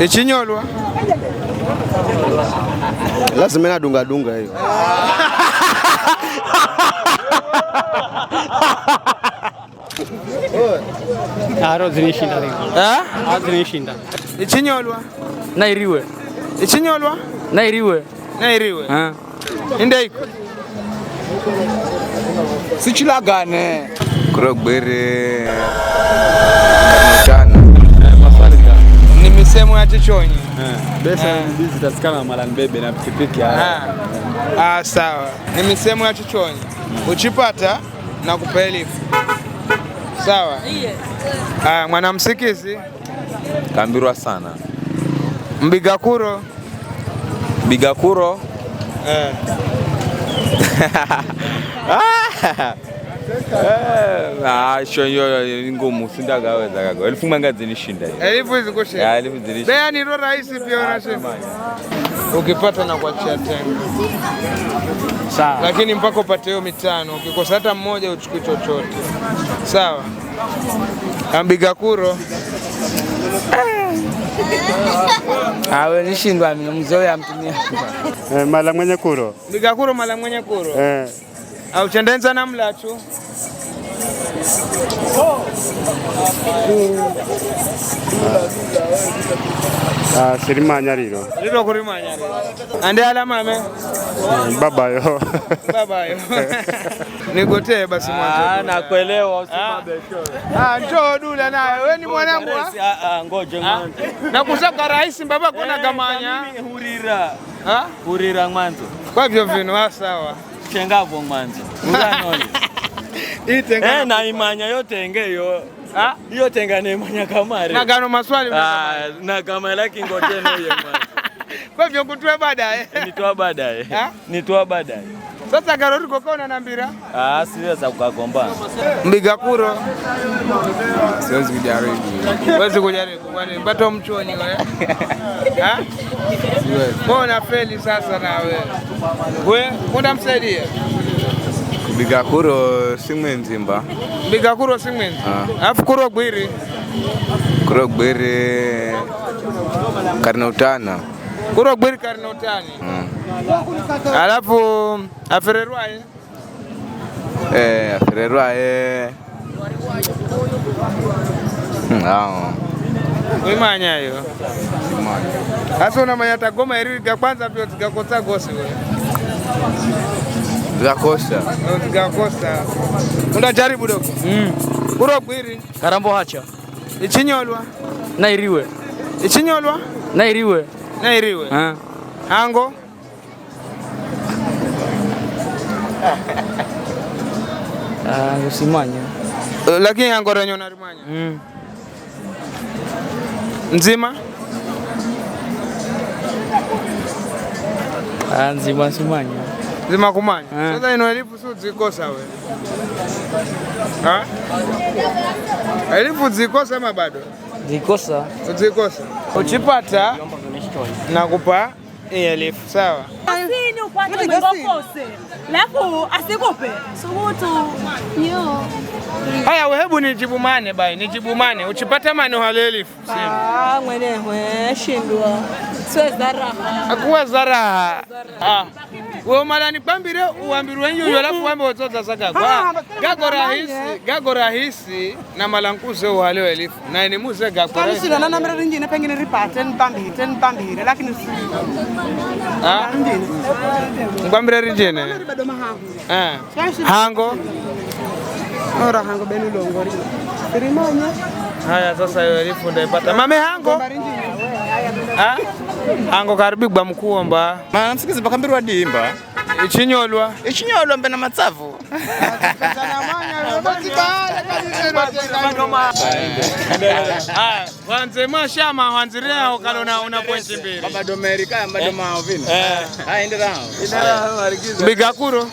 ekinyolwa lazima na dunga dunga hiyo aro ah, zinishinda leo zinishinda ichinyolwa nairiwe ichinyolwa nairiwe Inde iko. sichilagane Krogbere kuna chochoni. Eh. Besa hizi eh. zitasikana na na pikipiki. Ah. ah, sawa. Ni misemo ya chochoni. Uchipata na kupa elfu. Sawa. Ah, mwanamsikizi kambirwa sana mbigakuro mbigakuro eh. Sho eh, hiyo ngumu, sindakaweza kaka. Elfu manga zinishinda Elfu zikushinda. Elfu zinishinda. Bea ni rahisi pia unashinda. Ukipata na kuachia tenga Sawa. Lakini mpaka upate hiyo mitano, ukikosa hata mmoja uchukui chochote. Sawa. Ambiga ah. ah, eh, kuro. Awe nishindwa mimi mzoea mtumia. Mala mwenye kuro. Mbiga kuro mala mwenye kuro. Eh au auchendenza na mlachu ah, sirimanya riro riro kurimanya ande ala mame mm, babayo babayo nigotee basi mwanzo ah, nakuelewa usibabe ah, ah njo dula naye we ni mwanangu ah ngoje na kusaka rais mbaba kuna gamanya eh, hurira hurira mwanzo kwa vyo vinu sawa chengapo mwanzo e, na imanya yote engeyo iyo tenga ni imanya kamari na gano maswali ah, na kama laki ngoteno ye kwa hivyo kutwa baadaye nitoa baadaye nitoa baadaye sasa karori kokona na nambira ah, siweza kukakomba mbiga kuro siwezi kujaribu siwezi kujaribu bwana mpato mchoni wewe Mbona feli sasa nawe? We, unamsaidia? Mbiga kuro si mwenzimba. kuro si ah. Alafu kuro gwiri. Kuro gwiri karina utana. Kuro gwiri karina utani. Mm. Alafu afererwae Eh, afererwaye. Ngao. Hmm, Imanya hiyo. asa unamanya hata Goma iri ga kwanza pia tigakosa gosi wewe. Tigakosa. Tigakosa. Unda doko. Mm. uro bwiri. Karambo hacha. Ichinyolwa. Na iriwe. Ichinyolwa. Na iriwe. Na iriwe. ha. Hango. Ah, usimanya. Lakini hango renyo narimanya. Mm. Nzima ah, nzima simanya nzima kumanya. Eh. Sasa ino elifu si udzikosa we elifu udzikosa ama bado? Dzikosa udzikosa uchipata nakupa elfu eh, sawa. Yaani Haya, wehebu nijibu mane bai, nijibu mane uchipata mane hale elfu ah, mwenewe shindwa akuwa zaraha we malani kwambire uwambirwe nyuyo alafu wambe watoza sakakwa ah, gago rahisi gago rahisi na malankuze uhale welifu na inimuze gakokalusilo na namera ringine pengine ripate nipambire nipambire lakini ah? nkwambire ringine eh. hango ora hango benulongo rimanya haya sasa yo elifu ndaipata mame hango ango karibigwa mukuomba mana msikizi pakambirwa diimba ichinyolwa ichinyolwa mbena matsavu ah, wanze mwashama wanzireaho ukalona una pointi mbili eh. ah, bigakuro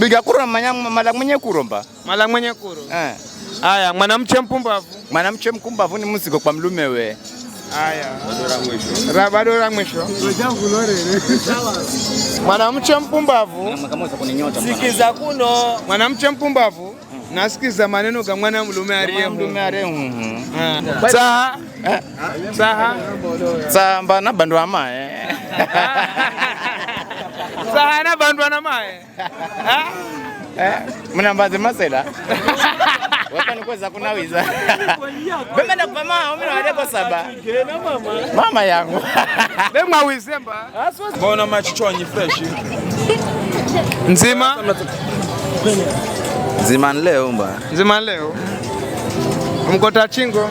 bigakuro mala mwenye mba mala mwenye kuro eh. aya mwanamche mpumbavu mwanamche mkumbavu ni muziko kwa mlumewe Haya, bado la mwisho. Mwanamche mpumbavu sikiza kuno, mwanamche mpumbavu nasikiza maneno ga mwana mlume ariyesaamba na bandu amaye saha na bandu anamaye mnambazi masela kunawiza kuna na mama mimi na nawadeko saba mama yangu bemwa wizemba mbona machichonyi fresh nzima nzima leo mba nzima leo mkota chingo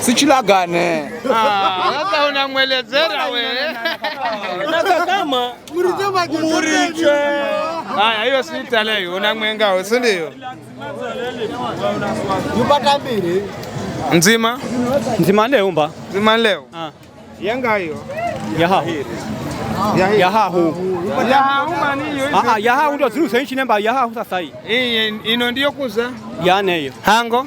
sichilagane. Ah, sasa unamwelezera wewe kama muriche. Haya, hiyo si talei, unamwengao si ndio? Yupata mbili nzima nzima leo umba nzima leo ah. yanga hiyo yahahu yahahu ah, ndio ziruse inchi nemba yahahu sasa hii ino ndiyo kuza yaneyo hango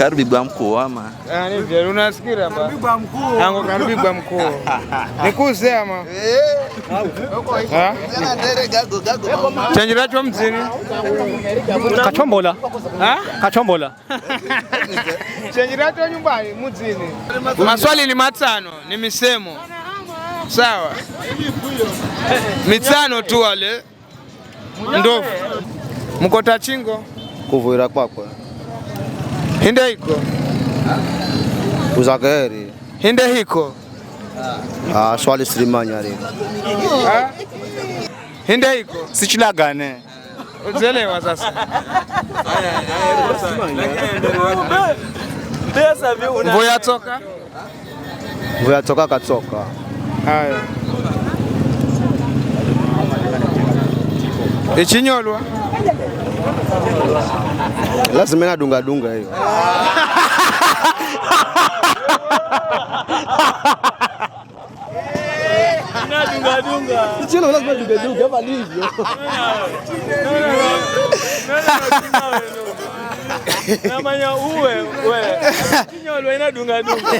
Karibu bwa mkuu ama. Ah, ni vile unasikia baba. Karibu bwa mkuu. Ango karibu bwa mkuu. Nikuze ama. Eh. Ha? Gago gago. Chanjira chwa mzini. Kachombola. Ha? Kachombola. Chanjira chwa nyumbani mzini. Maswali ni matano, ni misemo. Sawa. Mitano tu wale. Ndofu. Mkota chingo. Kuvuira kwako. Kwa hinde hiko uzageri hinde hiko ah, swali silimanya ari hinde hiko sichilagane uzelewa sasa mvua yatoka mvua yatoka katoka haya ichinyolwa lazima na dunga dunga hiyo. lazima dunga dunga Namanya uwe wewe. Kinyolo ina dunga dunga.